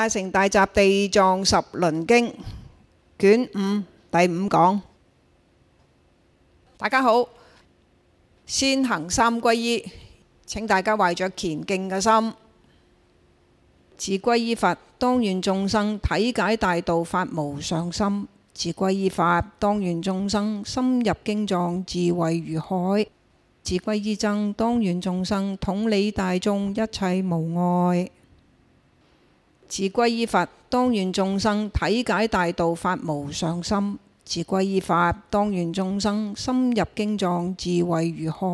大乘大集地藏十輪經卷五第五講，大家好，先行三歸依，請大家懷着虔敬嘅心，自歸依佛，當願眾生體解大道，發無上心；自歸依法，當願眾生深入經藏，智慧如海；自歸依僧，當願眾生統理大眾，一切無礙。自歸依佛，當願眾生，體解大道，發無上心；自歸依法，當願眾生，深入經藏，智慧如海；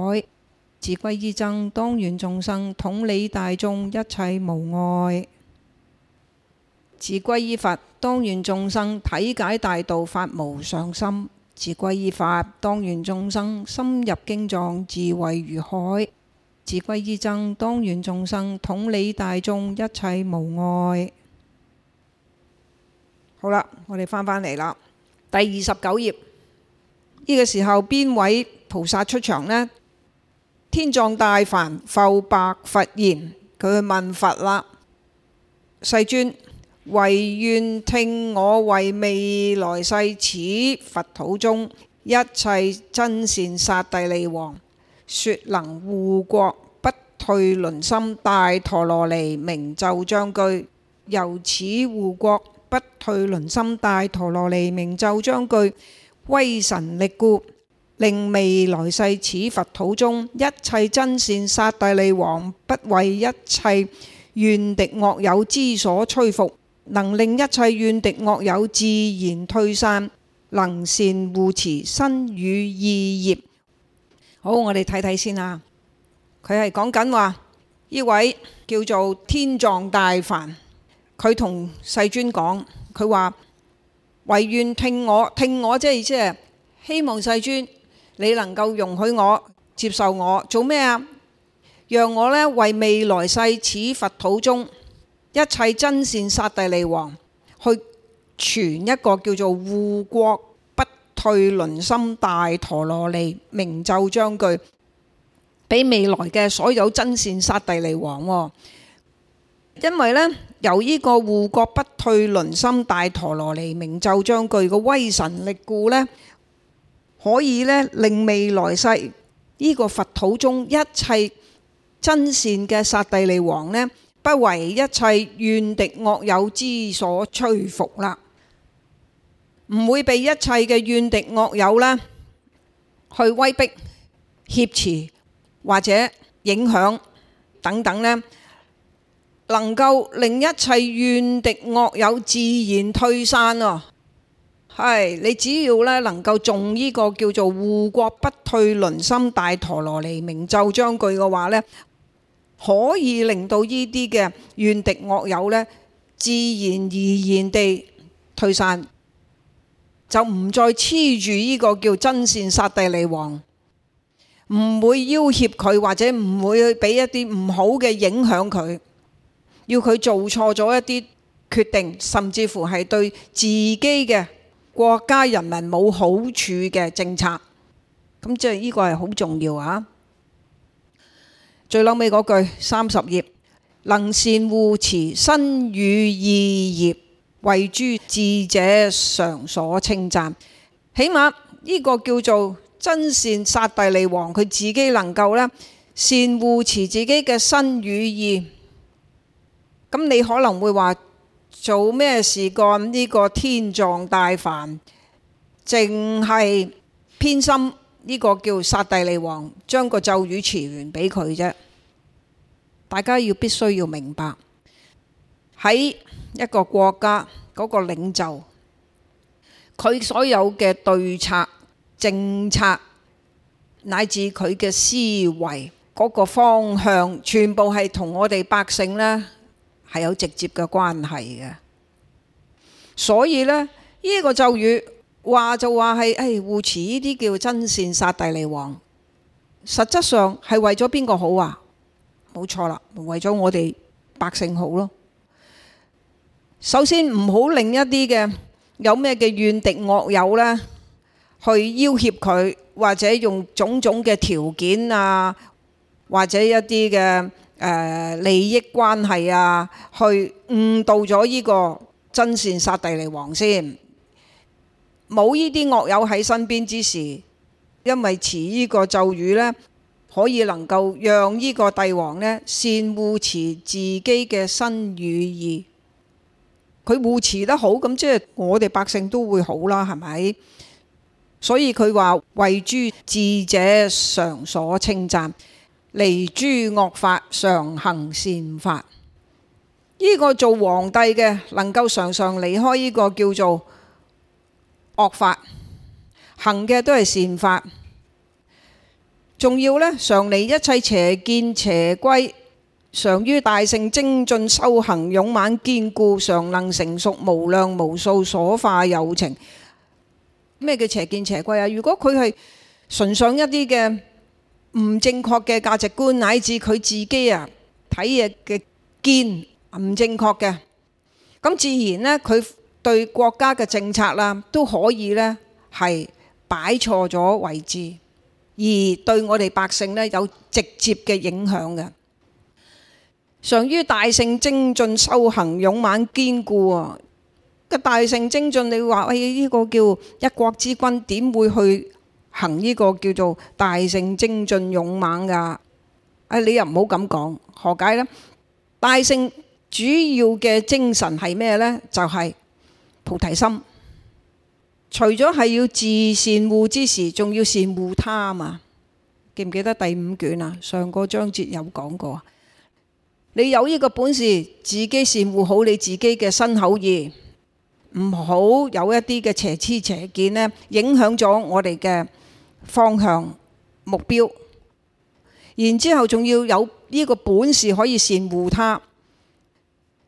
自歸依僧，當願眾生，統理大眾，一切無礙；自歸依佛，當願眾生，體解大道，發無上心；自歸依法，當願眾生，深入經藏，智慧如海。自歸依僧，當願眾生，統理大眾，一切無礙。好啦，我哋翻返嚟啦，第二十九頁。呢個時候邊位菩薩出場呢？天藏大梵，復白佛言：佢去問佛啦，世尊，唯願聽我為未來世此佛土中一切真善剎帝利王，說能護國。退輪心大陀羅尼明咒章句，由此護國不退輪心大陀羅尼明咒章句，威神力故，令未來世此佛土中一切真善剎帝利王不為一切怨敵惡友之所摧伏，能令一切怨敵惡友自然退散，能善護持身語意業。好，我哋睇睇先啊。佢係講緊話，呢位叫做天藏大梵，佢同世尊講，佢話唯願聽我，聽我即係即係希望世尊你能夠容許我接受我做咩啊？讓我呢為未來世此佛土中一切真善剎帝利王去傳一個叫做護國不退輪心大陀羅尼明咒章句。俾未來嘅所有真善剎帝利王，因為咧由呢個護國不退、輪心大陀羅尼明咒章句嘅威神力故呢可以咧令未來世呢個佛土中一切真善嘅剎帝利王呢不為一切怨敵惡友之所摧伏啦，唔會被一切嘅怨敵惡友呢去威逼、挾持。或者影響等等呢，能夠令一切怨敵惡友自然退散啊！係，你只要呢能夠誦呢個叫做護國不退輪心大陀羅尼明咒章句嘅話呢，可以令到呢啲嘅怨敵惡友呢，自然而然地退散，就唔再黐住呢個叫真善剎帝利王。唔會要挾佢，或者唔會去俾一啲唔好嘅影響佢，要佢做錯咗一啲決定，甚至乎係對自己嘅國家人民冇好處嘅政策。咁即係呢個係好重要啊！最後尾嗰句三十頁，能善護持身語意業，為諸智者常所稱讚。起碼呢個叫做。真善剎帝利王，佢自己能夠咧善護持自己嘅身語意。咁你可能會話做咩事幹呢個天藏大梵，淨係偏心呢個叫剎帝利王，將個咒語唸完俾佢啫。大家要必須要明白喺一個國家嗰個領袖，佢所有嘅對策。政策乃至佢嘅思維嗰個方向，全部係同我哋百姓咧係有直接嘅關係嘅。所以咧，依個咒語話就話係誒護持呢啲叫真善剎帝利王，實質上係為咗邊個好啊？冇錯啦，為咗我哋百姓好咯。首先唔好令一啲嘅有咩嘅怨敵惡友咧，去要挾佢，或者用種種嘅條件啊，或者一啲嘅誒利益關係啊，去誤導咗呢個真善剎帝利王先。冇呢啲惡友喺身邊之時，因為持呢個咒語呢，可以能夠讓呢個帝王呢，善護持自己嘅身語意。佢護持得好，咁即係我哋百姓都會好啦，係咪？所以佢話為諸智者常所稱讚，離諸惡法常行善法。呢、這個做皇帝嘅能夠常常離開呢個叫做惡法，行嘅都係善法。仲要呢，常離一切邪見邪歸，常於大乘精進修行勇猛堅固，常能成熟無量無數所化有情。咩叫邪見邪歸啊？如果佢係崇尚一啲嘅唔正確嘅價值觀，乃至佢自己啊睇嘢嘅見唔正確嘅，咁自然呢，佢對國家嘅政策啦，都可以呢係擺錯咗位置，而對我哋百姓呢有直接嘅影響嘅。常於大乘精進修行，勇猛堅固。啊。大乘精進，你話喂呢個叫一國之君，點會去行呢個叫做大乘精進勇猛噶？啊、哎，你又唔好咁講，何解呢？大乘主要嘅精神係咩呢？就係、是、菩提心。除咗係要自善護之時，仲要善護他啊嘛！記唔記得第五卷啊？上個章節有講過，你有呢個本事，自己善護好你自己嘅身口意。唔好有一啲嘅邪癡邪見咧，影響咗我哋嘅方向目標。然之後仲要有呢個本事可以善護他。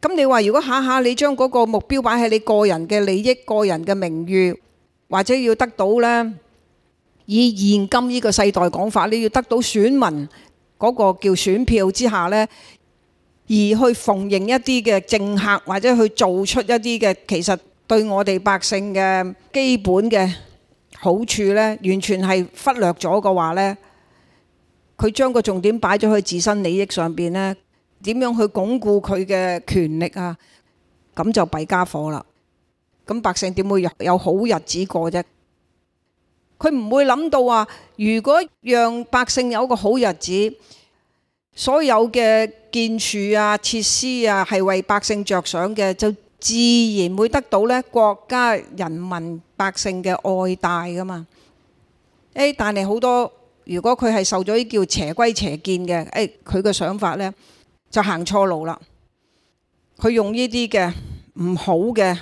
咁你話如果下下你將嗰個目標擺喺你個人嘅利益、個人嘅名譽，或者要得到咧，以現今呢個世代講法，你要得到選民嗰個叫選票之下咧，而去逢迎一啲嘅政客，或者去做出一啲嘅其實。對我哋百姓嘅基本嘅好處呢，完全係忽略咗嘅話呢。佢將個重點擺咗去自身利益上邊呢，點樣去鞏固佢嘅權力啊？咁就弊家伙啦！咁百姓點會有好日子過啫？佢唔會諗到啊。如果讓百姓有個好日子，所有嘅建築啊、設施啊，係為百姓着想嘅，就。自然會得到咧國家人民百姓嘅愛戴噶嘛？誒、哎，但係好多如果佢係受咗啲叫邪歸邪見嘅，誒、哎，佢嘅想法咧就行錯路啦。佢用呢啲嘅唔好嘅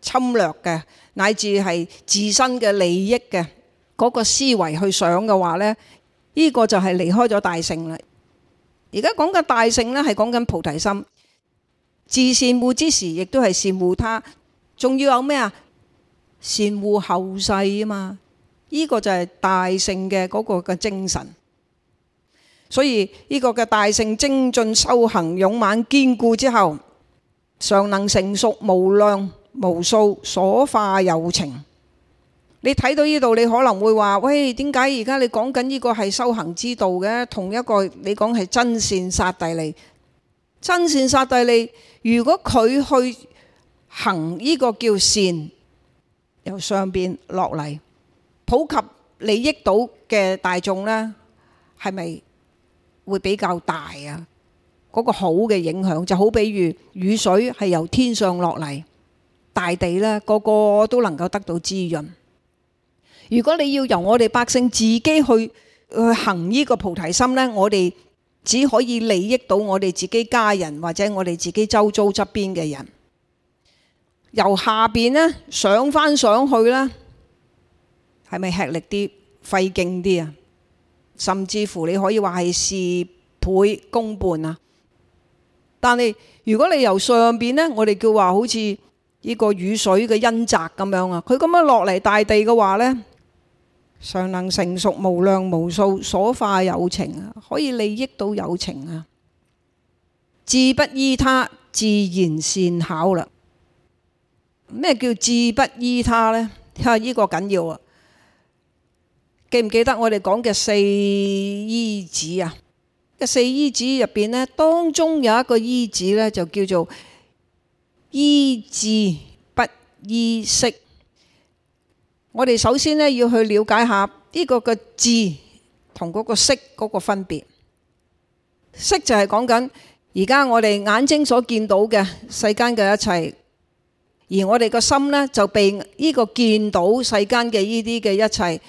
侵略嘅，乃至係自身嘅利益嘅嗰、那個思維去想嘅話咧，呢、這個就係離開咗大乘啦。而家講嘅大乘咧，係講緊菩提心。自善護之時，亦都係善護他，仲要有咩啊？善護後世啊嘛！呢個就係大乘嘅嗰個嘅精神。所以呢個嘅大乘精進修行勇猛堅固之後，常能成熟無量無數所化有情。你睇到呢度，你可能會話：喂，點解而家你講緊呢個係修行之道嘅？同一個你講係真善剎帝利。真善剎帝利，如果佢去行呢個叫善，由上邊落嚟，普及利益到嘅大眾呢，係咪會比較大啊？嗰個好嘅影響就好，比如雨水係由天上落嚟，大地呢個個都能夠得到滋潤。如果你要由我哋百姓自己去去行呢個菩提心呢，我哋，只可以利益到我哋自己家人，或者我哋自己周遭側邊嘅人，由下邊呢，上返上去呢，係咪吃力啲、費勁啲啊？甚至乎你可以話係事倍功半啊！但係如果你由上邊呢，我哋叫話好似呢個雨水嘅恩澤咁樣啊，佢咁樣落嚟大地嘅話呢。常能成熟無量無數所化有情啊，可以利益到有情啊。智不依他，自然善巧啦。咩叫智不依他呢？睇下呢個緊要啊！記唔記得我哋講嘅四依子啊？個四依子入邊呢，當中有一個依子呢，就叫做依智不依識。我哋首先呢，要去了解下呢個個智同嗰個識嗰個分別。識就係講緊而家我哋眼睛所見到嘅世間嘅一切，而我哋個心呢就被呢個見到世間嘅呢啲嘅一切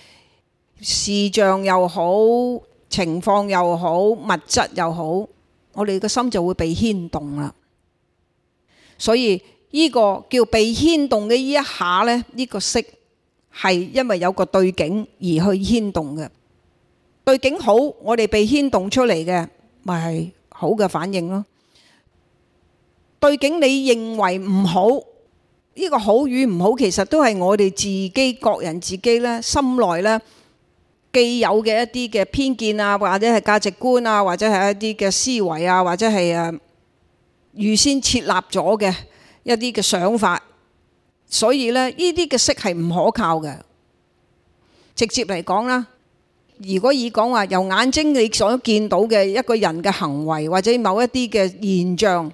視像又好，情況又好，物質又好，我哋個心就會被牽動啦。所以呢個叫被牽動嘅呢一下呢，呢、這個識，係因為有個對境而去牽動嘅。對境好，我哋被牽動出嚟嘅咪係好嘅反應咯。對境你認為唔好。呢個好與唔好，其實都係我哋自己各人自己呢，心內呢既有嘅一啲嘅偏見啊，或者係價值觀啊，或者係一啲嘅思維啊，或者係啊預先設立咗嘅一啲嘅想法。所以呢，呢啲嘅色係唔可靠嘅。直接嚟講啦，如果以講話由眼睛你所見到嘅一個人嘅行為，或者某一啲嘅現象，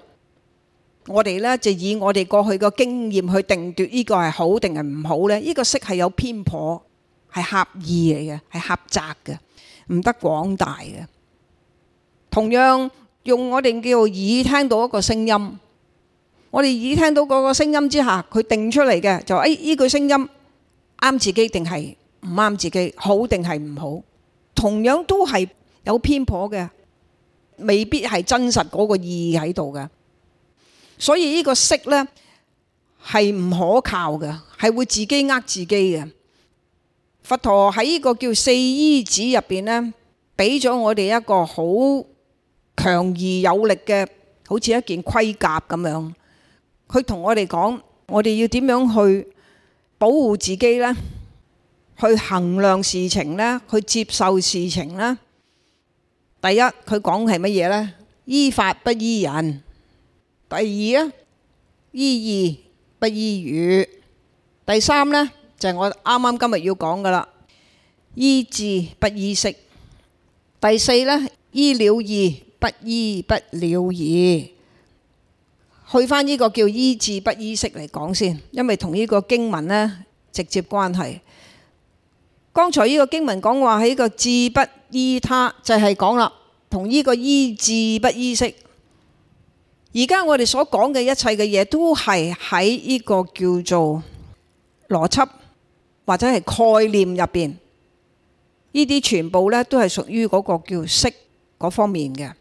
我哋呢就以我哋過去嘅經驗去定奪呢個係好定係唔好咧？呢個色係有偏頗，係狹義嚟嘅，係狹窄嘅，唔得廣大嘅。同樣用我哋叫耳聽到一個聲音。我哋耳聽到嗰個聲音之下，佢定出嚟嘅就誒，哎，呢句聲音啱自己定係唔啱自己，好定係唔好，同樣都係有偏頗嘅，未必係真實嗰個意義喺度嘅。所以呢個識呢，係唔可靠嘅，係會自己呃自己嘅。佛陀喺呢個叫四依止入邊呢，俾咗我哋一個好強而有力嘅，好似一件盔甲咁樣。佢同我哋講，我哋要點樣去保護自己呢？去衡量事情呢？去接受事情呢？第一，佢講嘅係乜嘢呢？依法不依人。第二呢，依義不依語。第三呢，就係、是、我啱啱今日要講噶啦，依智不依識。第四呢，依了義不依不了義。去翻呢個叫依智不依識嚟講先，因為同呢個經文呢直接關係。剛才呢個經文講話喺、這個智不依他就，就係講啦，同呢個依智不依識。而家我哋所講嘅一切嘅嘢，都係喺呢個叫做邏輯或者係概念入邊，呢啲全部呢都係屬於嗰個叫識嗰方面嘅。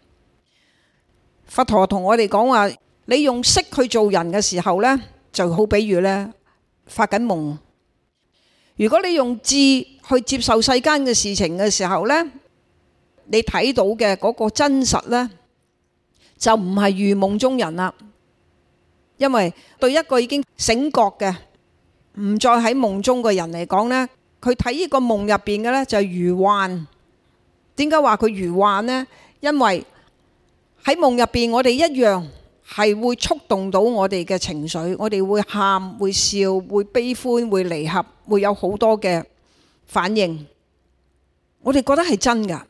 佛陀同我哋講話。你用識去做人嘅時候咧，就好比如咧，發緊夢。如果你用智去接受世間嘅事情嘅時候咧，你睇到嘅嗰個真實咧，就唔係如夢中人啦。因為對一個已經醒覺嘅，唔再喺夢中嘅人嚟講咧，佢睇呢個夢入邊嘅咧就係如幻。點解話佢如幻咧？因為喺夢入邊，我哋一樣。係會觸動到我哋嘅情緒，我哋會喊、會笑、會悲歡、會離合，會有好多嘅反應。我哋覺得係真噶，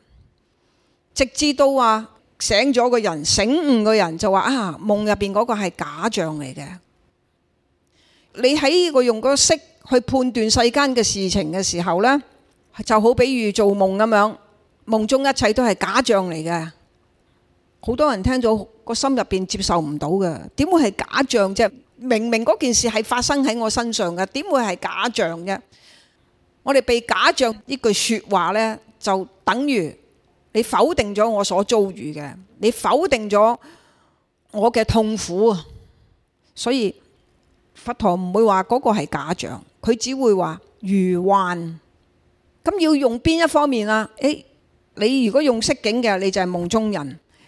直至到啊醒咗個人、醒悟個人就話啊夢入邊嗰個係假象嚟嘅。你喺個用個識去判斷世間嘅事情嘅時候呢，就好比如做夢咁樣，夢中一切都係假象嚟嘅。好多人聽咗個心入邊接受唔到嘅，點會係假象啫？明明嗰件事係發生喺我身上嘅，點會係假象啫？我哋被假象呢句説話呢，就等於你否定咗我所遭遇嘅，你否定咗我嘅痛苦啊！所以佛陀唔會話嗰個係假象，佢只會話如幻。咁要用邊一方面啊？誒、哎，你如果用識境嘅，你就係夢中人。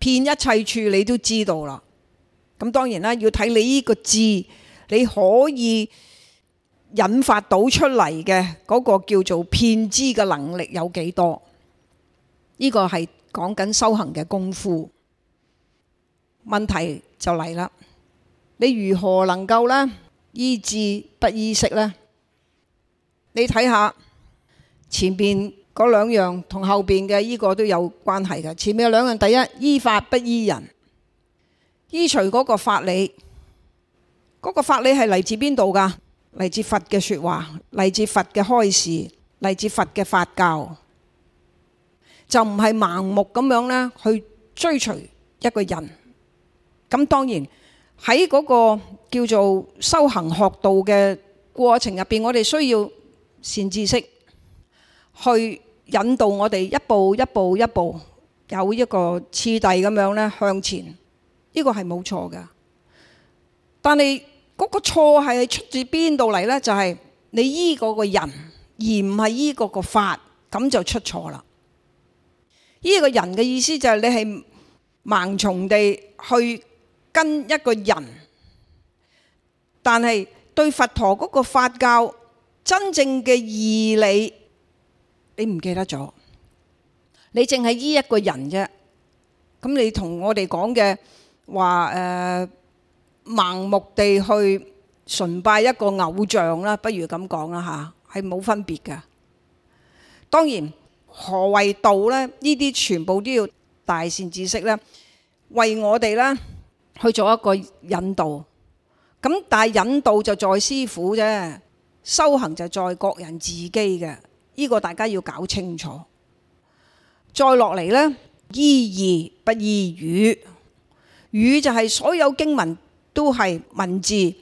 騙一切處你都知道啦，咁當然啦，要睇你呢個字，你可以引發到出嚟嘅嗰個叫做騙知嘅能力有幾多？呢、這個係講緊修行嘅功夫。問題就嚟啦，你如何能夠呢？依智不依識呢？你睇下前面。嗰兩樣同後邊嘅呢個都有關係嘅。前面有兩樣，第一依法不依人，依隨嗰個法理。嗰個法理係嚟自邊度噶？嚟自佛嘅説話，嚟自佛嘅開示，嚟自佛嘅法教，就唔係盲目咁樣呢去追隨一個人。咁當然喺嗰個叫做修行學道嘅過程入邊，我哋需要善知識去，引導我哋一步一步一步有一個次第咁樣咧向前，呢個係冇錯㗎。但係嗰、嗰個錯係出自邊度嚟呢？就係、係、你依嗰個人而唔係依嗰個法，咁就出錯啦。依、這個人嘅意思就係你係盲從地去跟一個人，但係對佛陀嗰個法教真正嘅義理。你唔記得咗？你淨係依一個人啫。咁你同我哋講嘅話，誒、呃、盲目地去崇拜一個偶像啦，不如咁講啦吓，係冇分別㗎。當然何謂道呢？呢啲全部都要大善知識咧，為我哋咧去做一個引導。咁但係引導就在師傅啫，修行就在各人自己嘅。呢個大家要搞清楚。再落嚟呢，依義不依語，語就係所有經文都係文字，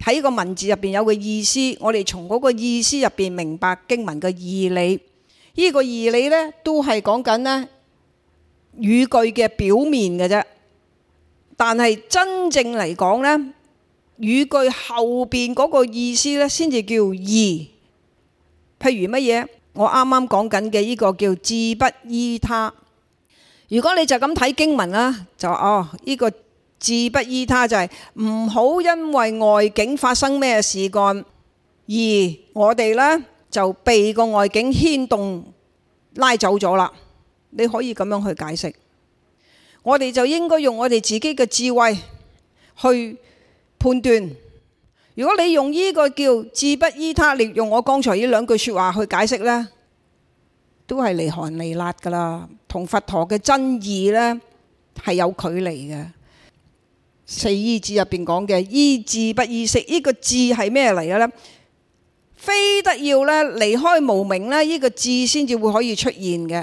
喺個文字入邊有個意思。我哋從嗰個意思入邊明白經文嘅義理。呢個義理呢，都係講緊呢語句嘅表面嘅啫。但係真正嚟講呢，語句後邊嗰個意思呢，先至叫義。譬如乜嘢？我啱啱講緊嘅呢個叫智不依他。如果你就咁睇經文啦，就哦呢、這個智不依他就係、是、唔好因為外境發生咩事幹，而我哋呢，就被個外境牽動拉走咗啦。你可以咁樣去解釋，我哋就應該用我哋自己嘅智慧去判斷。如果你用呢個叫智不依他，你用我剛才呢兩句說話去解釋呢，都係離寒離辣噶啦，同佛陀嘅真義呢係有距離嘅。四依止入邊講嘅依智不依識，呢、這個智係咩嚟嘅呢？非得要咧離開無明咧，呢、這個智先至會可以出現嘅。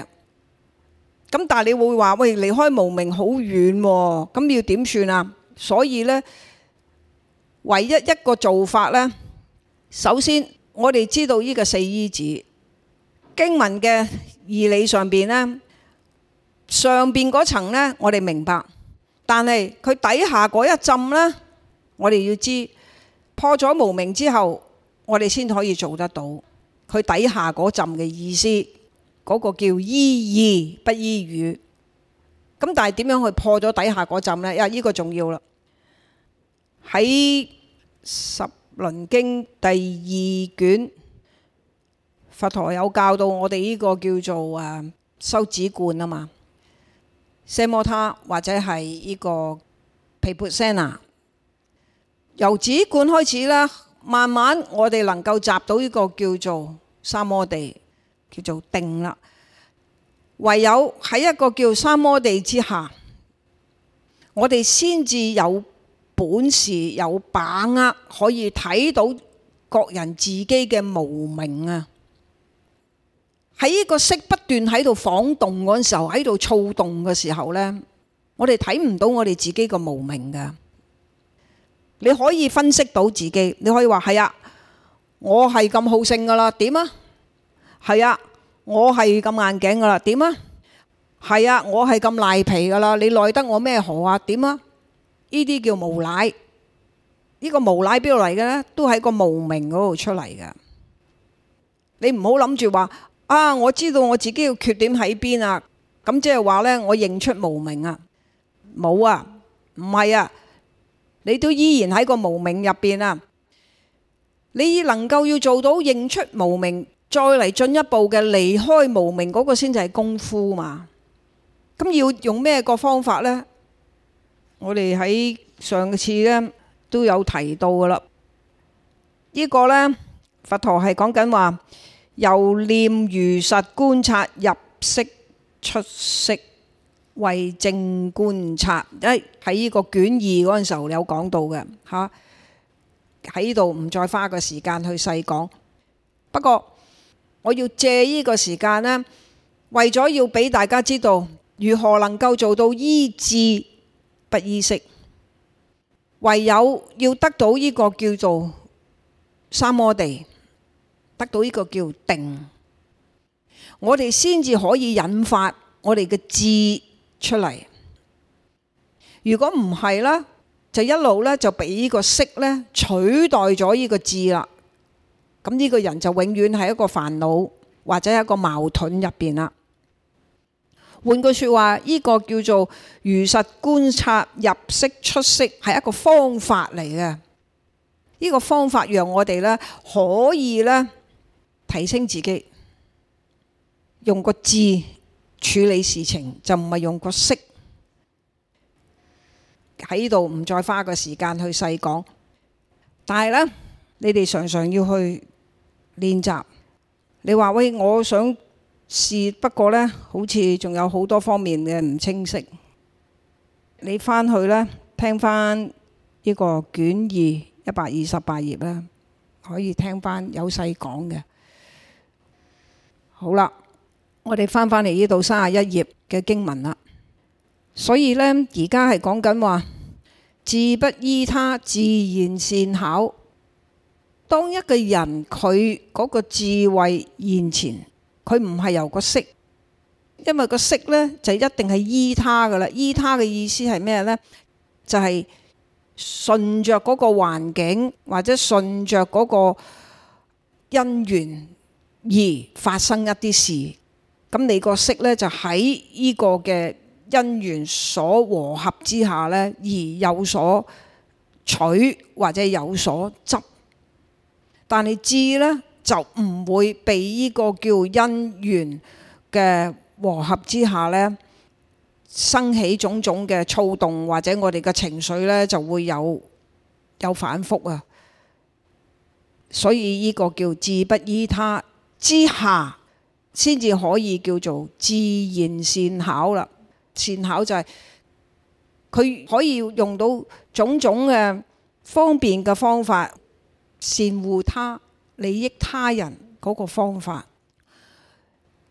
咁但係你會話喂，離開無明好遠喎，咁要點算啊？所以呢。唯一一個做法呢，首先我哋知道呢個四依止經文嘅義理上邊呢，上邊嗰層呢我哋明白，但係佢底下嗰一浸呢，我哋要知破咗無明之後，我哋先可以做得到。佢底下嗰浸嘅意思，嗰個叫依義不依語。咁但係點樣去破咗底下嗰浸呢？啊，呢個重要啦！喺十輪經第二卷，佛陀有教到我哋呢個叫做誒修止觀啊嘛，奢摩他或者係呢個毗婆舍那，由止觀開始啦，慢慢我哋能夠集到呢個叫做三摩地，叫做定啦。唯有喺一個叫三摩地之下，我哋先至有。本事有把握，可以睇到各人自己嘅無明啊！喺呢個色不斷喺度晃動嗰陣時候，喺度躁動嘅時候呢，我哋睇唔到我哋自己嘅無明噶。你可以分析到自己，你可以話係啊，我係咁好勝噶啦，點啊？係啊，我係咁硬頸噶啦，點啊？係啊，我係咁賴皮噶啦，你耐得我咩何啊？點啊？呢啲叫無賴，呢個無賴邊度嚟嘅呢？都喺個無明嗰度出嚟嘅。你唔好諗住話啊，我知道我自己嘅缺點喺邊啊，咁即係話呢，我認出無明啊？冇啊，唔係啊，你都依然喺個無明入邊啊。你能夠要做到認出無明，再嚟進一步嘅離開無明嗰個先就係功夫嘛。咁要用咩個方法呢？我哋喺上次咧都有提到噶啦，呢、這個呢，佛陀係講緊話由念如實觀察入息出息為正觀察，喺喺呢個卷二嗰陣時候有講到嘅嚇。喺呢度唔再花個時間去細講，不過我要借呢個時間呢，為咗要俾大家知道如何能夠做到醫治。不依色，唯有要得到呢個叫做三摩地，得到呢個叫定，我哋先至可以引發我哋嘅智出嚟。如果唔係啦，就一路咧就俾呢個色咧取代咗呢個智啦，咁、這、呢個人就永遠係一個煩惱或者一個矛盾入邊啦。換句説話，呢、這個叫做如實觀察入識出識，係一個方法嚟嘅。呢、這個方法讓我哋咧可以咧提升自己，用個智處理事情，就唔係用個識。喺度唔再花個時間去細講，但係呢，你哋常常要去練習。你話喂，我想。是，不過呢，好似仲有好多方面嘅唔清晰。你返去呢，聽翻呢個卷二一百二十八頁呢，可以聽翻有細講嘅。好啦，我哋翻返嚟呢度三十一頁嘅經文啦。所以呢，而家係講緊話智不依他，自然善巧。當一個人佢嗰個智慧現前。佢唔係由個色，因為個色咧就一定係依他嘅啦。依他嘅意思係咩咧？就係、是、順着嗰個環境或者順着嗰個因緣而發生一啲事。咁你色個色咧就喺呢個嘅因緣所和合之下咧而有所取或者有所執。但你知咧。就唔會被呢個叫因緣嘅和合之下呢，生起種種嘅躁動，或者我哋嘅情緒呢就會有有反覆啊！所以呢個叫自不依他之下，先至可以叫做自然善巧啦。善巧就係、是、佢可以用到種種嘅方便嘅方法善護他。利益他人嗰個方法，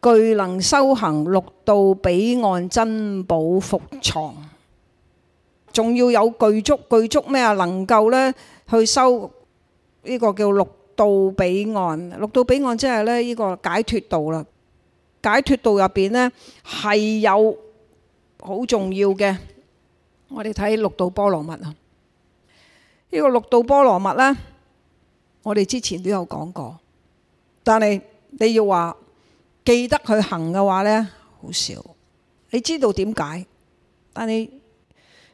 具能修行六到彼岸珍寶伏藏，仲要有具足具足咩啊？能夠咧去修呢個叫六到彼岸。六到彼岸即係咧呢個解脫道啦。解脫道入邊咧係有好重要嘅。我哋睇六度波羅蜜啊！呢個六度波羅蜜咧。我哋之前都有講過，但係你要話記得去行嘅話呢，好少。你知道點解？但你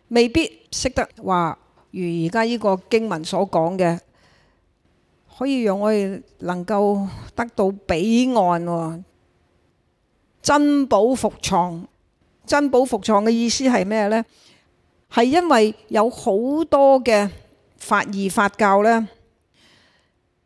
未必識得話，如而家呢個經文所講嘅，可以讓我哋能夠得到彼岸喎。珍寶伏藏，珍寶伏藏嘅意思係咩呢？係因為有好多嘅法義法教呢。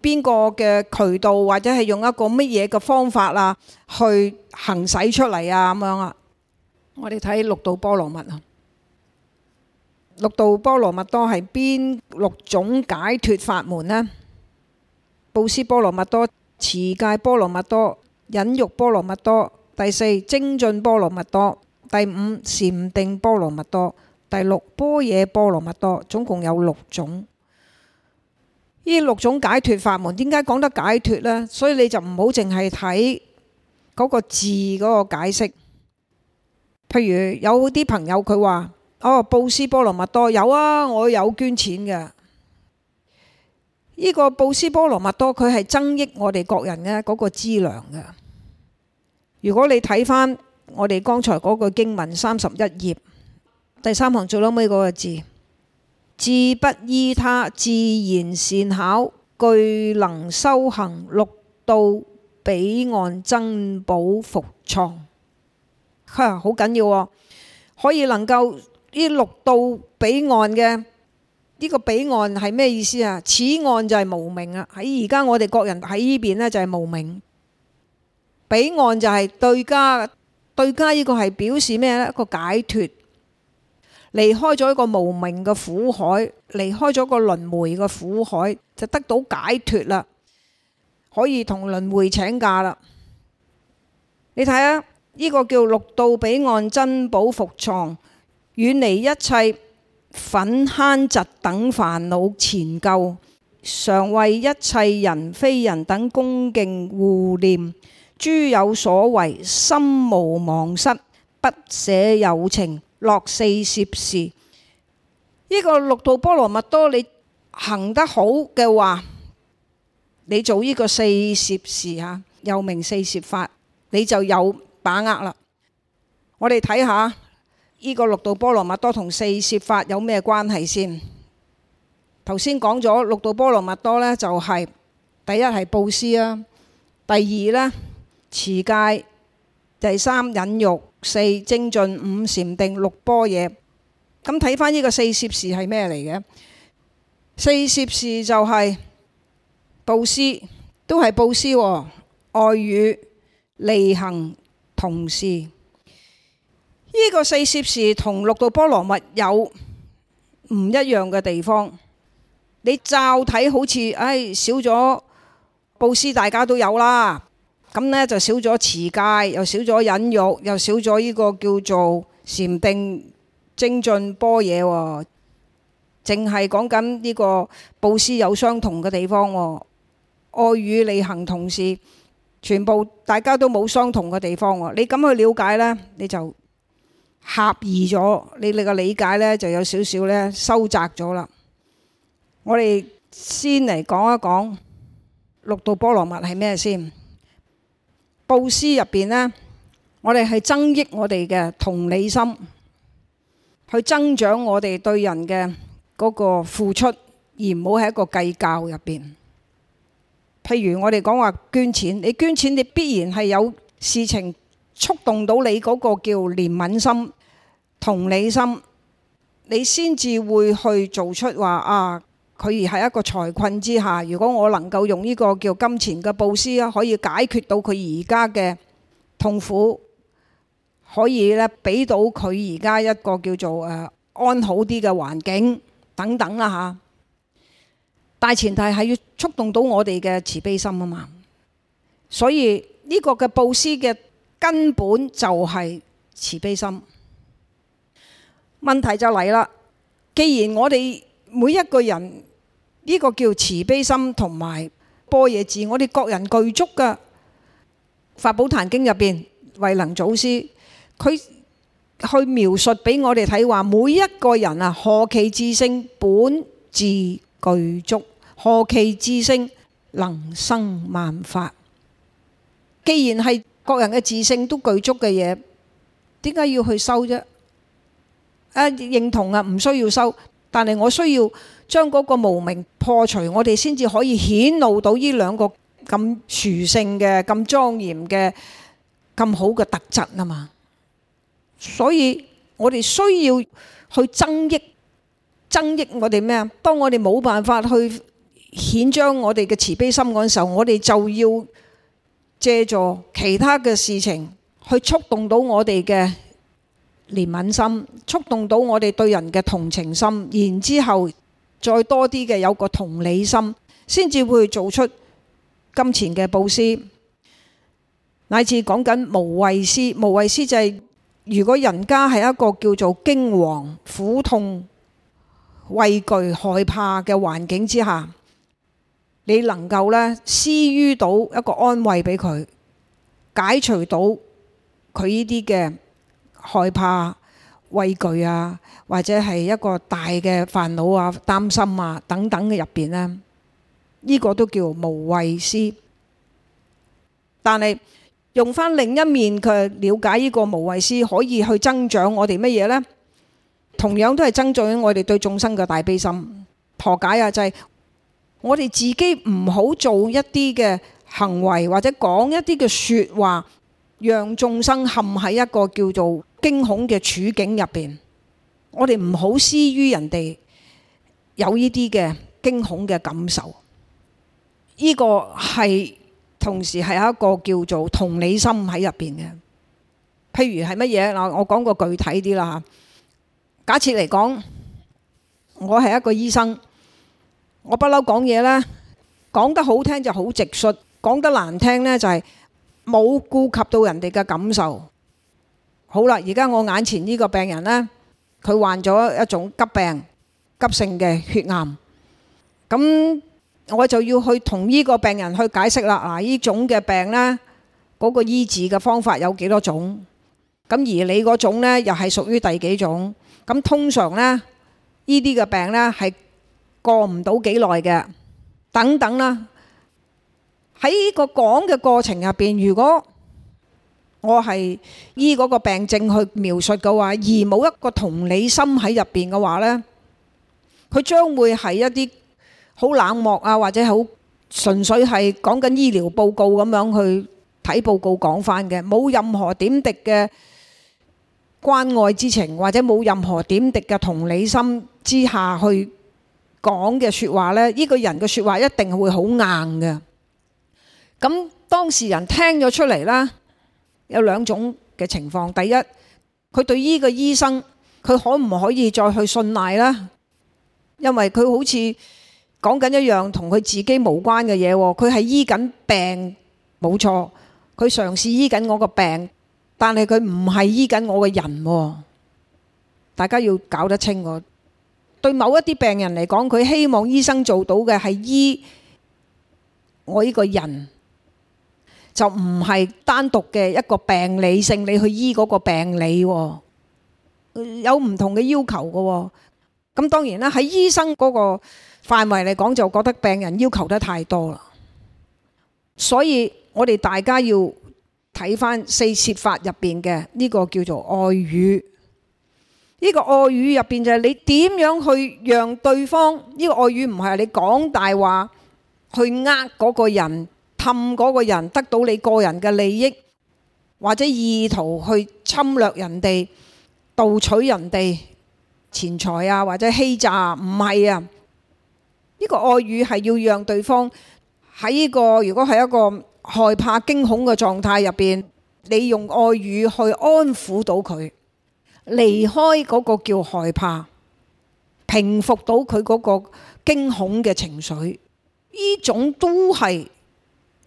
邊個嘅渠道或者係用一個乜嘢嘅方法啊，去行使出嚟啊咁樣啊？我哋睇六度波羅蜜啊，六度波羅蜜多係邊六種解脱法門呢？布施波羅蜜多、持戒波羅蜜多、忍辱波羅蜜多、第四精進波羅蜜多、第五禪定波羅蜜多、第六般若波羅蜜多，總共有六種。呢六種解脱法門，點解講得解脱呢？所以你就唔好淨係睇嗰個字嗰個解釋。譬如有啲朋友佢話：哦，布施波羅蜜多有啊，我有捐錢嘅。呢、這個布施波羅蜜多，佢係增益我哋各人嘅嗰個資糧嘅。如果你睇翻我哋剛才嗰個經文三十一頁第三行最孻尾嗰個字。智不依他，自然善巧，具能修行六到彼岸珍寶伏藏，哈、啊，好緊要，可以能夠呢六到彼岸嘅呢、這個彼岸係咩意思啊？此岸就係無明啊，喺而家我哋國人喺呢邊呢，就係無明。彼岸就係對家，對家呢個係表示咩咧？一個解脫。離開咗一個無明嘅苦海，離開咗個輪迴嘅苦海，就得到解脫啦，可以同輪迴請假啦。你睇下呢個叫六到彼岸珍寶伏藏，遠離一切忿慳嫉等煩惱纏垢，常為一切人非人等恭敬護念，諸有所為心無忘失，不捨有情。樂四攝事，呢、這個六度波羅蜜多你行得好嘅話，你做呢個四攝事嚇，又名四攝法，你就有把握啦。我哋睇下呢、這個六度波羅蜜多同四攝法有咩關係先。頭先講咗六度波羅蜜多呢、就是，就係第一係布施啦，第二呢，持戒，第三忍辱。四精進、五禪定、六般若。咁睇翻呢個四攝事係咩嚟嘅？四攝事就係布施，都係布施；愛語、利行、同事。呢個四攝事同六度波羅蜜有唔一樣嘅地方。你照睇好似，唉，少咗布施，大家都有啦。咁呢，就少咗持戒，又少咗忍辱，又少咗呢個叫做禪定、精進、般若喎。淨係講緊呢個布施有相同嘅地方喎，愛與利行、同事，全部大家都冇相同嘅地方。你咁去了解呢，你就狹義咗你你嘅理解呢，就有少少呢收窄咗啦。我哋先嚟講一講六度波羅蜜係咩先。布施入邊呢，我哋係增益我哋嘅同理心，去增長我哋對人嘅嗰個付出，而唔好喺一個計較入邊。譬如我哋講話捐錢，你捐錢，你必然係有事情觸動到你嗰個叫憐憫心、同理心，你先至會去做出話啊。佢而係一個財困之下，如果我能夠用呢個叫金錢嘅佈施啊，可以解決到佢而家嘅痛苦，可以咧俾到佢而家一個叫做誒安好啲嘅環境等等啦，嚇。大前提係要觸動到我哋嘅慈悲心啊嘛，所以呢個嘅佈施嘅根本就係慈悲心。問題就嚟啦，既然我哋每一個人呢、呢個叫慈悲心同埋般若智，我哋各人具足噶。《法寶壇經面》入邊慧能祖師佢去描述俾我哋睇話，每一個人啊，何其自性本自具足，何其自性，何其自性能生萬法。既然係各人嘅自性都具足嘅嘢，點解要去修啫？啊，認同啊，唔需要修。但係我需要將嗰個無明破除，我哋先至可以顯露到呢兩個咁殊勝嘅、咁莊嚴嘅、咁好嘅特質啊嘛。所以我哋需要去增益、增益我哋咩啊？當我哋冇辦法去顯彰我哋嘅慈悲心嗰陣時候，我哋就要借助其他嘅事情去觸動到我哋嘅。憐憫心，觸動到我哋對人嘅同情心，然之後再多啲嘅有個同理心，先至會做出金錢嘅佈施，乃至講緊無畏施。無畏施就係、是、如果人家係一個叫做驚惶、苦痛、畏懼、害怕嘅環境之下，你能夠呢施於到一個安慰俾佢，解除到佢呢啲嘅。害怕、畏懼啊，或者係一個大嘅煩惱啊、擔心啊等等嘅入邊呢，呢、呢個都叫無畏施。但係用翻另一面，佢了解呢個無畏施，可以去增長我哋乜嘢呢？同樣都係增長我哋對眾生嘅大悲心。何解啊？就係、是、我哋自己唔好做一啲嘅行為，或者講一啲嘅説話，讓眾生陷喺一個叫做驚恐嘅處境入邊，我哋唔好施於人哋有呢啲嘅驚恐嘅感受。呢個係同時係有一個叫做同理心喺入邊嘅。譬如係乜嘢嗱？我講個具體啲啦吓。假設嚟講，我係一個醫生，我不嬲講嘢啦。講得好聽就好直率，講得難聽呢就係冇顧及到人哋嘅感受。好啦，而家我眼前呢個病人咧，佢患咗一種急病、急性嘅血癌。咁我就要去同呢個病人去解釋啦。嗱，呢種嘅病咧，嗰個醫治嘅方法有幾多種？咁而你嗰種咧，又係屬於第幾種？咁通常咧，呢啲嘅病咧係過唔到幾耐嘅。等等啦，喺呢個講嘅過程入邊，如果我係醫嗰個病症去描述嘅話，而冇一個同理心喺入邊嘅話呢，佢將會係一啲好冷漠啊，或者好純粹係講緊醫療報告咁樣去睇報告講翻嘅，冇任何點滴嘅關愛之情，或者冇任何點滴嘅同理心之下去講嘅説話呢，呢個人嘅説話一定會好硬嘅。咁當事人聽咗出嚟啦。有兩種嘅情況，第一，佢對呢個醫生，佢可唔可以再去信賴啦？因為佢好似講緊一樣同佢自己無關嘅嘢喎，佢係醫緊病，冇錯，佢嘗試醫緊我個病，但係佢唔係醫緊我個人，大家要搞得清喎。對某一啲病人嚟講，佢希望醫生做到嘅係醫我呢個人。就唔係單獨嘅一個病理性，你去醫嗰個病理、哦，有唔同嘅要求嘅。、哦。咁當然啦，喺醫生嗰個範圍嚟講，就覺得病人要求得太多啦。所以我哋大家要睇翻四攝法入邊嘅呢個叫做愛語，呢、這個愛語入邊就係你點樣去讓對方呢、這個愛語唔係你講大話去呃嗰個人。氹嗰個人得到你個人嘅利益，或者意圖去侵略人哋、盜取人哋錢財啊，或者欺詐，唔係啊。呢個愛語係要讓對方喺呢個如果係一個害怕、驚恐嘅狀態入邊，你用愛語去安撫到佢，離開嗰個叫害怕，平復到佢嗰個驚恐嘅情緒，呢種都係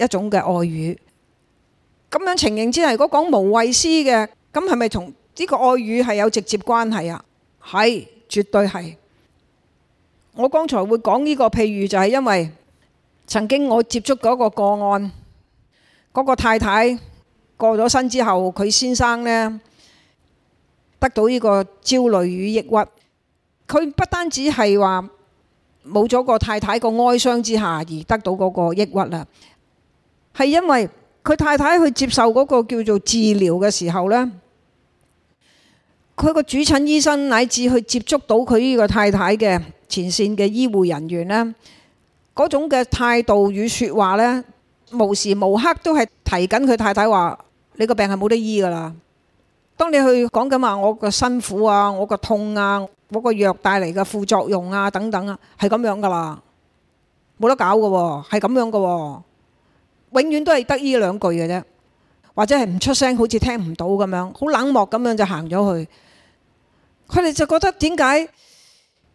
一種嘅愛語，咁樣情形之下，如果講無畏施嘅，咁係咪同呢個愛語係有直接關係啊？係，絕對係。我剛才會講呢個譬如就係因為曾經我接觸嗰個個案，嗰個太太過咗身之後，佢先生呢得到呢個焦慮與抑鬱，佢不單止係話冇咗個太太個哀傷之下而得到嗰個抑鬱啦。係因為佢太太去接受嗰個叫做治療嘅時候呢，佢個主診醫生乃至去接觸到佢呢個太太嘅前線嘅醫護人員呢，嗰種嘅態度與説話呢，無時無刻都係提緊佢太太話：你個病係冇得醫噶啦！當你去講緊話我個辛苦啊，我個痛啊，我個藥帶嚟嘅副作用啊等等啊，係咁樣噶啦，冇得搞嘅喎、哦，係咁樣嘅喎、哦。永遠都係得呢兩句嘅啫，或者係唔出聲，好似聽唔到咁樣，好冷漠咁樣就行咗去。佢哋就覺得點解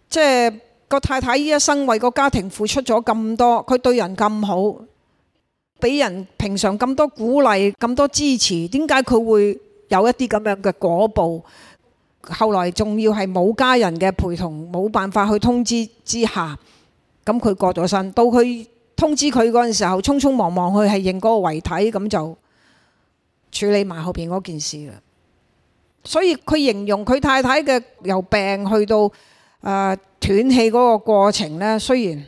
即係個太太呢一生為個家庭付出咗咁多，佢對人咁好，俾人平常咁多鼓勵、咁多支持，點解佢會有一啲咁樣嘅果報？後來仲要係冇家人嘅陪同，冇辦法去通知之下，咁佢過咗身，到佢。通知佢嗰陣時候，匆匆忙忙去係認嗰個遺體，咁就處理埋後邊嗰件事啦。所以佢形容佢太太嘅由病去到誒、呃、斷氣嗰個過程呢，雖然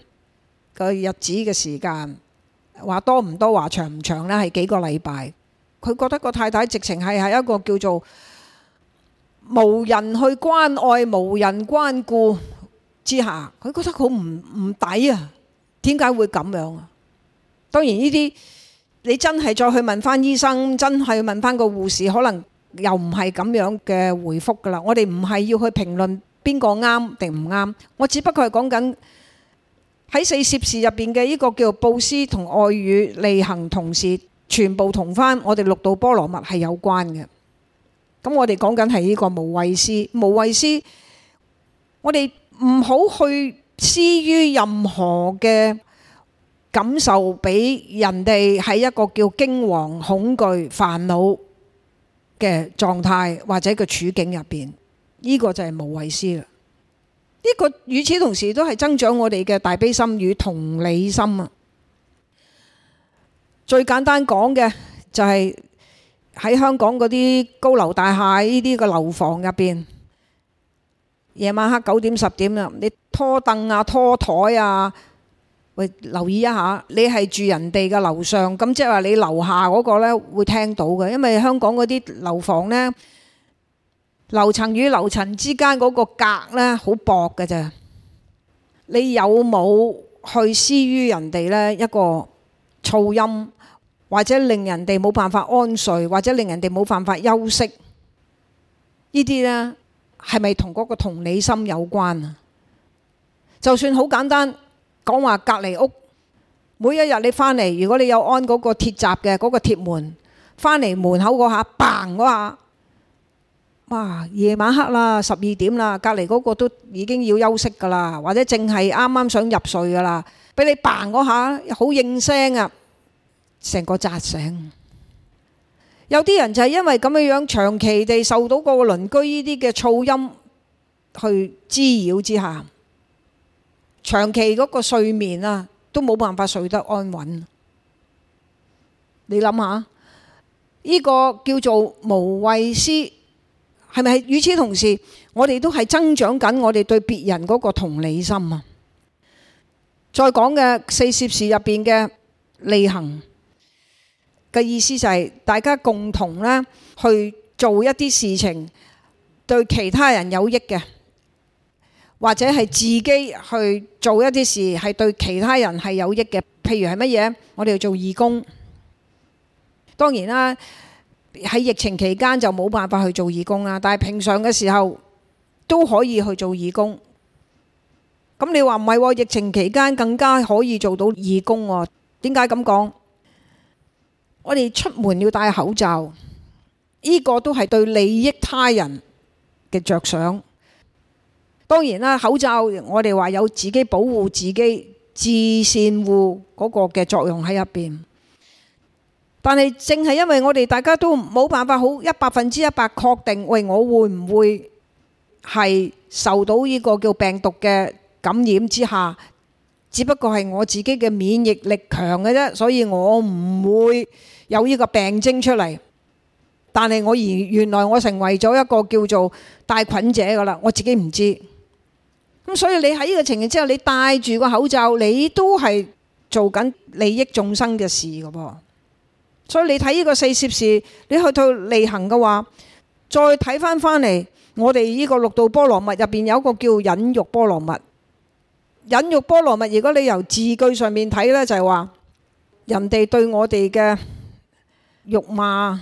個日子嘅時間話多唔多，話長唔長呢，係幾個禮拜。佢覺得個太太直情係係一個叫做無人去關愛、無人關顧之下，佢覺得好唔唔抵啊！點解會咁樣啊？當然呢啲你真係再去問翻醫生，真係問翻個護士，可能又唔係咁樣嘅回覆噶啦。我哋唔係要去評論邊個啱定唔啱，我只不過係講緊喺四攝事入邊嘅呢個叫布施同愛語利行同事，全部同翻我哋六度波羅蜜係有關嘅。咁我哋講緊係呢個無畏施，無畏施，我哋唔好去，施於任何嘅感受俾人哋，喺一個叫驚惶、恐懼、煩惱嘅狀態或者個處境入邊，呢、這個就係無畏施啦。呢、這個與此同時都係增長我哋嘅大悲心與同理心啊！最簡單講嘅就係喺香港嗰啲高樓大廈呢啲個樓房入邊。夜晚黑九點十點啦，你拖凳啊拖台啊，喂留意一下，你係住人哋嘅樓上，咁即係話你樓下嗰個呢會聽到嘅，因為香港嗰啲樓房呢，樓層與樓層之間嗰個隔呢好薄嘅咋，你有冇去施於人哋呢一個噪音，或者令人哋冇辦法安睡，或者令人哋冇辦法休息，呢啲呢？係咪同嗰個同理心有關啊？就算好簡單，講話隔籬屋，每一日你返嚟，如果你有安嗰個鐵閘嘅嗰個鐵門，返嚟門口嗰下，嘭嗰下，哇！夜晚黑啦，十二點啦，隔籬嗰個都已經要休息噶啦，或者淨係啱啱想入睡噶啦，俾你嘭嗰下，好應聲啊，成個紮醒。有啲人就係因為咁樣樣，長期地受到嗰個鄰居呢啲嘅噪音去滋擾之下，長期嗰個睡眠啊，都冇辦法睡得安穩。你諗下，呢、這個叫做無畏施，係咪？與此同時，我哋都係增長緊我哋對別人嗰個同理心啊。再講嘅四攝事入邊嘅利行。嘅意思就係大家共同咧去做一啲事情，對其他人有益嘅，或者係自己去做一啲事係對其他人係有益嘅。譬如係乜嘢？我哋要做義工。當然啦，喺疫情期間就冇辦法去做義工啦。但係平常嘅時候都可以去做義工。咁你話唔係喎？疫情期間更加可以做到義工喎，哦？點解咁講？我哋出門要戴口罩，呢個都係對利益他人嘅着想。當然啦，口罩我哋話有自己保護自己、自善護嗰個嘅作用喺入邊。但係正係因為我哋大家都冇辦法好一百分之一百確定，喂，我會唔會係受到呢個叫病毒嘅感染之下？只不過係我自己嘅免疫力強嘅啫，所以我唔會。有呢個病徵出嚟，但係我原原來我成為咗一個叫做帶菌者噶啦，我自己唔知。咁所以你喺呢個情形之下，你戴住個口罩，你都係做緊利益眾生嘅事噶噃。所以你睇呢個四攝事，你去到利行嘅話，再睇翻翻嚟，我哋呢個六度波羅蜜入邊有一個叫忍辱波羅蜜。忍辱波羅蜜，如果你由字句上面睇呢，就係話人哋對我哋嘅。辱罵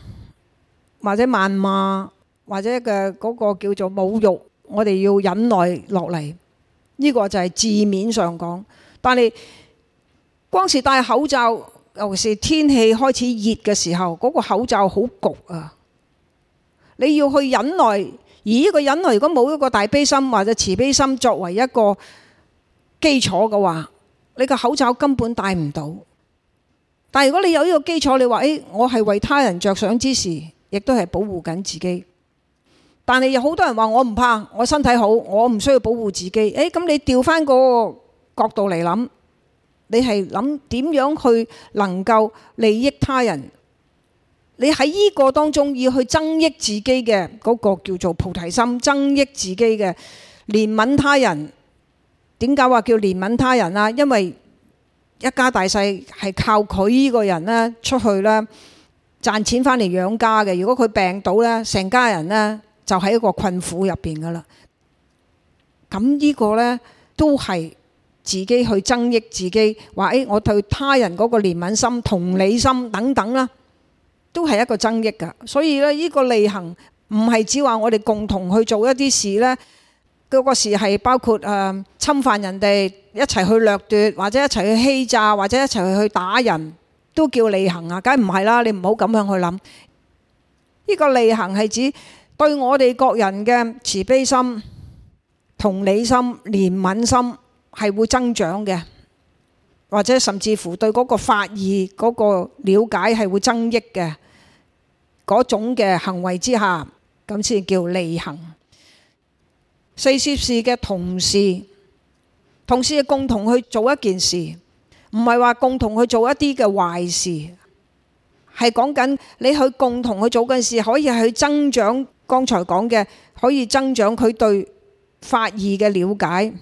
或者謾罵或者嘅嗰個叫做侮辱，我哋要忍耐落嚟。呢個就係字面上講，但係光是戴口罩，尤其是天氣開始熱嘅時候，嗰個口罩好焗啊！你要去忍耐，而呢個忍耐如果冇一個大悲心或者慈悲心作為一個基礎嘅話，你個口罩根本戴唔到。但如果你有呢個基礎，你話誒、哎，我係為他人着想之時，亦都係保護緊自己。但係有好多人話我唔怕，我身體好，我唔需要保護自己。誒、哎，咁你調翻嗰個角度嚟諗，你係諗點樣去能夠利益他人？你喺呢個當中要去增益自己嘅嗰、那個叫做菩提心，增益自己嘅憐憫他人。點解話叫憐憫他人啊？因為一家大細係靠佢呢個人啦，出去啦，賺錢翻嚟養家嘅，如果佢病到咧，成家人咧就喺一個困苦入邊噶啦。咁、這、呢個咧都係自己去增益自己，話誒我對他人嗰個憐憫心、同理心等等啦，都係一個增益噶。所以咧，呢個利行唔係只話我哋共同去做一啲事咧。嗰個事係包括誒侵犯人哋一齊去掠奪，或者一齊去欺詐，或者一齊去打人都叫利行啊？梗係唔係啦？你唔好咁樣去諗。呢個利行係指對我哋各人嘅慈悲心、同理心、憐憫心係會增長嘅，或者甚至乎對嗰個法義嗰個了解係會增益嘅嗰種嘅行為之下，咁先叫利行。四攝事嘅同事，同事係共同去做一件事，唔係話共同去做一啲嘅壞事，係講緊你去共同去做嗰事，可以去增長剛才講嘅，可以增長佢對法義嘅了解，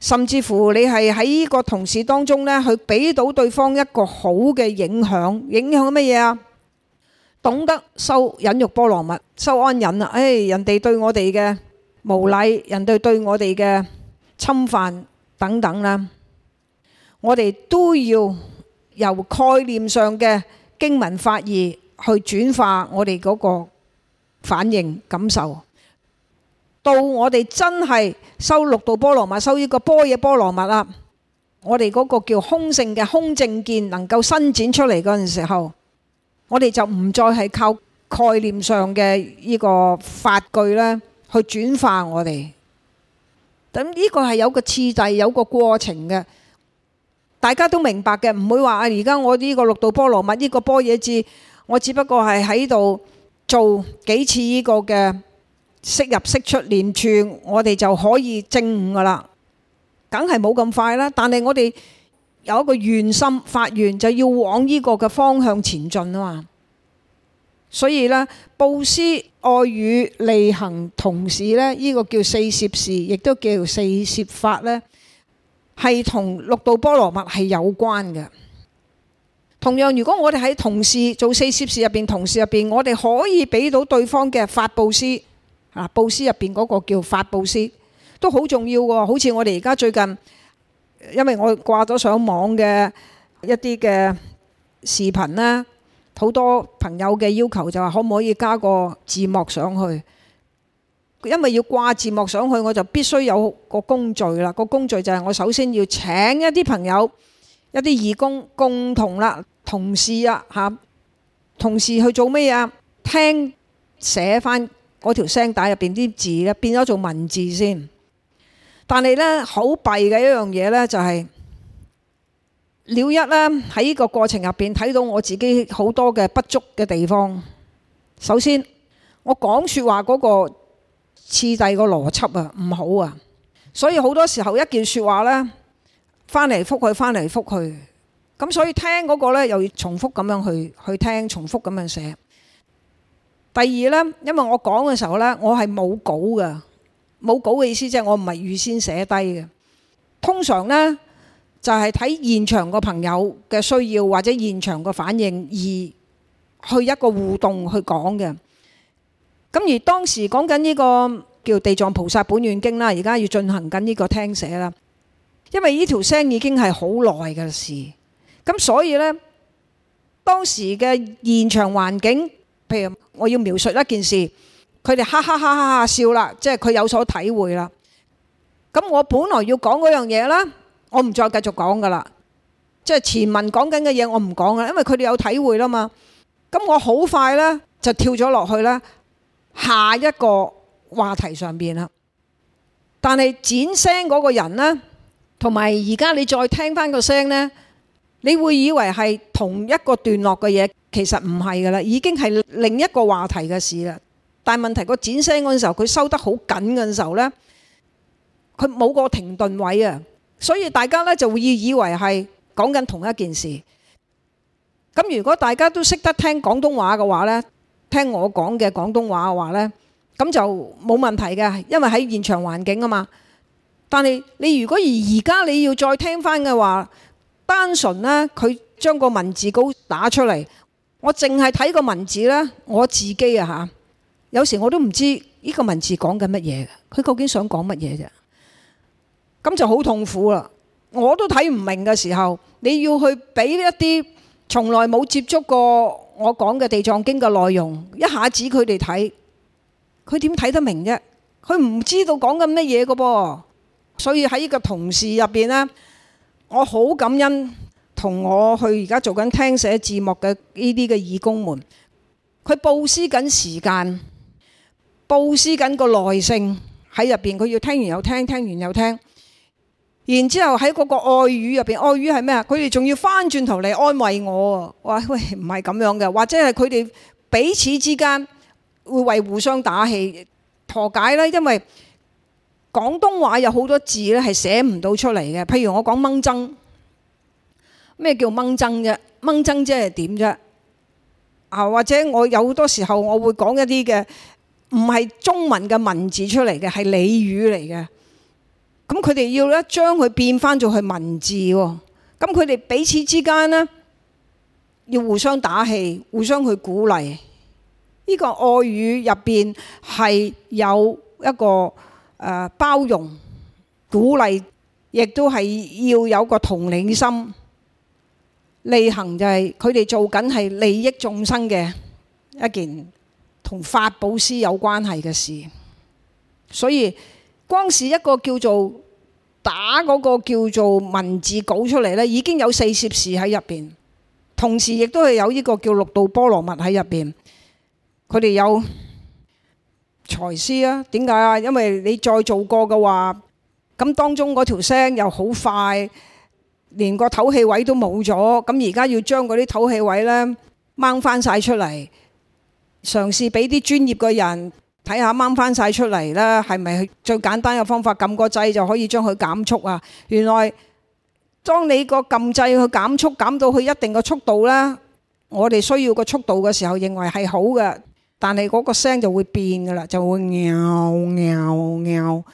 甚至乎你係喺呢個同事當中呢，去俾到對方一個好嘅影響，影響乜嘢啊？懂得收忍辱波羅蜜，收安忍啊！唉、哎，人哋對我哋嘅。無禮人哋對，對我哋嘅侵犯等等啦，我哋都要由概念上嘅經文法義去轉化我哋嗰個反應感受，到我哋真係修六度波羅蜜，修呢個般若波羅蜜啊！我哋嗰個叫空性嘅空性見能夠伸展出嚟嗰陣時候，我哋就唔再係靠概念上嘅呢個法句啦。去轉化我哋，咁、這、呢個係有個次第，有個過程嘅，大家都明白嘅，唔會話啊！而家我呢個六度波羅蜜，呢、這個般若智，我只不過係喺度做幾次呢個嘅息入息出連，連串我哋就可以證悟㗎喇，梗係冇咁快啦。但係我哋有一個願心發願，就要往呢個嘅方向前進啊嘛。所以咧，布施愛語利行同事呢，呢、呢個叫四攝事，亦都叫四攝法呢，係同六度波羅蜜係有關嘅。同樣，如果我哋喺同事做四攝事入邊，同事入邊，我哋可以俾到對方嘅法布施。嗱、啊，佈施入邊嗰個叫法布施，都好重要喎。好似我哋而家最近，因為我掛咗上網嘅一啲嘅視頻啦。好多朋友嘅要求就話可唔可以加個字幕上去？因為要掛字幕上去，我就必須有個工序啦。個工序就係我首先要請一啲朋友、一啲義工共同啦，同事啊嚇，同事去做咩啊？聽寫翻嗰條聲帶入邊啲字咧，變咗做文字先。但係咧，好弊嘅一樣嘢咧，就係。了，一呢，喺呢個過程入邊睇到我自己好多嘅不足嘅地方。首先，我講說話嗰個次第個邏輯啊，唔好啊，所以好多時候一件說話呢，翻嚟覆去，翻嚟覆去。咁所以聽嗰個呢，又要重複咁樣去去聽，重複咁樣寫。第二呢，因為我講嘅時候呢，我係冇稿嘅，冇稿嘅意思即係我唔係預先寫低嘅，通常呢。就係睇現場個朋友嘅需要或者現場個反應而去一個互動去講嘅。咁而當時講緊、這、呢個叫《地藏菩薩本願經》啦，而家要進行緊呢個聽寫啦。因為呢條聲已經係好耐嘅事，咁所以呢，當時嘅現場環境，譬如我要描述一件事，佢哋哈哈哈哈哈笑啦，即係佢有所體會啦。咁我本來要講嗰樣嘢啦。我唔再繼續講噶啦，即係前文講緊嘅嘢，我唔講啦，因為佢哋有體會啦嘛。咁我好快咧就跳咗落去啦，下一個話題上邊啦。但係剪聲嗰個人咧，同埋而家你再聽翻個聲咧，你會以為係同一個段落嘅嘢，其實唔係噶啦，已經係另一個話題嘅事啦。但係問題個剪聲嗰陣時候，佢收得好緊嗰陣時候咧，佢冇個停頓位啊。所以大家咧就會以以為係講緊同一件事。咁如果大家都識得聽廣東話嘅話咧，聽我講嘅廣東話嘅話咧，咁就冇問題嘅，因為喺現場環境啊嘛。但係你如果而家你要再聽返嘅話，單純咧佢將個文字稿打出嚟，我淨係睇個文字咧，我自己啊嚇，有時我都唔知呢個文字講緊乜嘢，佢究竟想講乜嘢啫？咁就好痛苦啦！我都睇唔明嘅時候，你要去俾一啲從來冇接觸過我講嘅地藏經嘅內容，一下子佢哋睇佢點睇得明啫？佢唔知道講緊乜嘢嘅噃，所以喺呢個同事入邊呢，我好感恩同我去而家做緊聽寫字幕嘅呢啲嘅義工們，佢布施緊時間，布施緊個耐性喺入邊，佢要聽完又聽，聽完又聽。然之後喺嗰個愛語入邊，愛語係咩啊？佢哋仲要翻轉頭嚟安慰我，話喂，唔係咁樣嘅，或者係佢哋彼此之間會為互相打氣，何解呢？因為廣東話有好多字咧係寫唔到出嚟嘅，譬如我講掹憎，咩叫掹憎啫？掹憎即係點啫？啊，或者我有好多時候我會講一啲嘅唔係中文嘅文字出嚟嘅，係俚語嚟嘅。咁佢哋要咧將佢變翻做係文字喎，咁佢哋彼此之間呢，要互相打氣、互相去鼓勵。呢個愛語入邊係有一個包容、鼓勵，亦都係要有個同理心。利行就係佢哋做緊係利益眾生嘅一件同法寶師有關係嘅事，所以。光是一個叫做打嗰個叫做文字稿出嚟咧，已經有四攝事喺入邊，同時亦都係有呢個叫六度波羅蜜喺入邊，佢哋有才師啊？點解啊？因為你再做過嘅話，咁當中嗰條聲又好快，連個透氣位都冇咗。咁而家要將嗰啲透氣位咧掹翻晒出嚟，嘗試俾啲專業嘅人。睇下掹翻曬出嚟啦，係咪最簡單嘅方法？撳個掣就可以將佢減速啊！原來當你個撳掣去減速減到去一定嘅速度啦，我哋需要個速度嘅時候認為係好嘅，但係嗰個聲就會變噶啦，就會拗拗拗，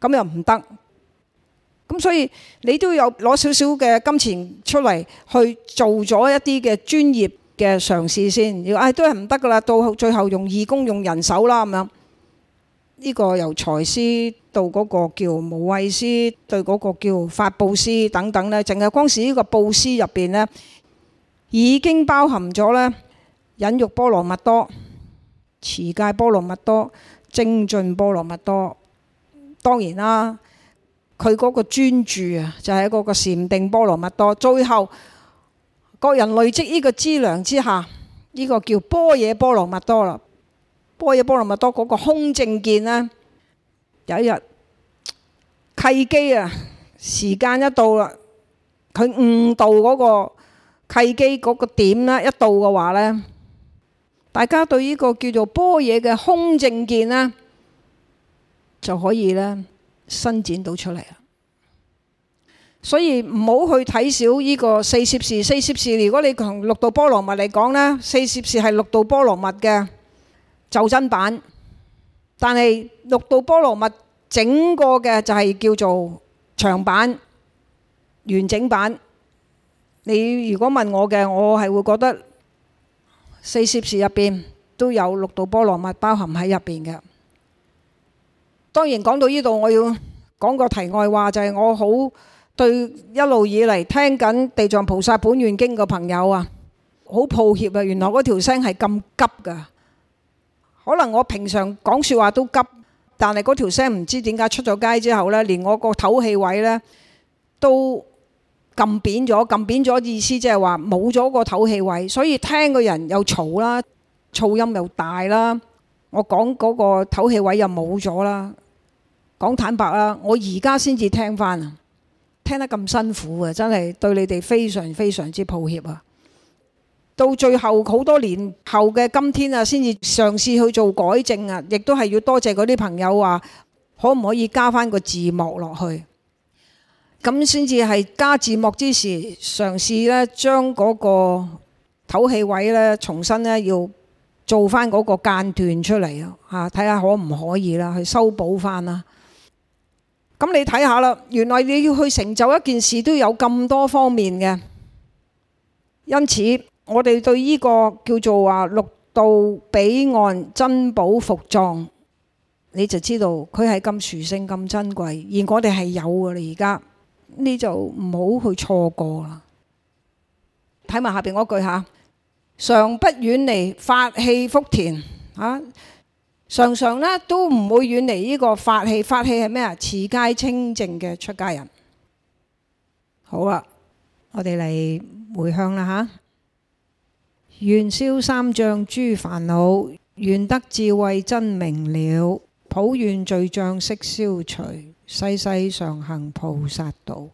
咁又唔得。咁所以你都有攞少少嘅金錢出嚟去做咗一啲嘅專業。嘅嘗試先，唉、哎，都係唔得噶啦，到最後用義工用人手啦，咁樣呢個由財施到嗰個叫無畏施，對嗰個叫法布施等等咧，淨係光是呢個布施入邊呢，已經包含咗呢忍辱波羅蜜多、持戒波羅蜜多、精進波羅蜜多。當然啦，佢嗰個專注啊，就係一個個禪定波羅蜜多。最後，個人累積呢個資糧之下，呢、這個叫般若波羅蜜多啦。般若波羅蜜多嗰個空正見呢，有一日契機啊，時間一到啦，佢悟道嗰個契機嗰個點啦，一到嘅話呢，大家對呢個叫做般若嘅空正見呢，就可以呢伸展到出嚟啦。所以唔好去睇少呢個四攝事。四攝事如果你同六度波羅蜜嚟講，呢四攝事係六度波羅蜜嘅袖珍版，但係六度波羅蜜整個嘅就係叫做長版完整版。你如果問我嘅，我係會覺得四攝事入邊都有六度波羅蜜包含喺入邊嘅。當然講到呢度，我要講個題外話，就係、是、我好。對一路以嚟聽緊地藏菩薩本願經嘅朋友啊，好抱歉啊！原來嗰條聲係咁急噶，可能我平常講說話都急，但係嗰條聲唔知點解出咗街之後呢，連我個唞氣位呢都撳扁咗，撳扁咗意思即係話冇咗個唞氣位，所以聽個人又嘈啦，噪音又大啦，我講嗰個唞氣位又冇咗啦。講坦白啦，我而家先至聽翻。聽得咁辛苦啊，真係對你哋非常非常之抱歉啊！到最後好多年後嘅今天啊，先至嘗試去做改正啊，亦都係要多謝嗰啲朋友話，可唔可以加翻個字幕落去？咁先至係加字幕之時，嘗試咧將嗰個唞氣位咧重新咧要做翻嗰個間斷出嚟啊！吓，睇下可唔可以啦，去修補翻啦。咁你睇下啦，原來你要去成就一件事都有咁多方面嘅。因此我哋對呢個叫做話六到彼岸珍寶伏藏，你就知道佢係咁殊勝、咁珍貴，而我哋係有㗎啦。而家呢就唔好去錯過啦。睇埋下邊嗰句嚇，常不遠離法器福田啊！常常咧都唔會遠離呢個法器，法器係咩啊？持戒清淨嘅出家人。好啊，我哋嚟回向啦嚇。願消三障諸煩惱，願得智慧真明了，普願罪障悉消除，世世常行菩薩道。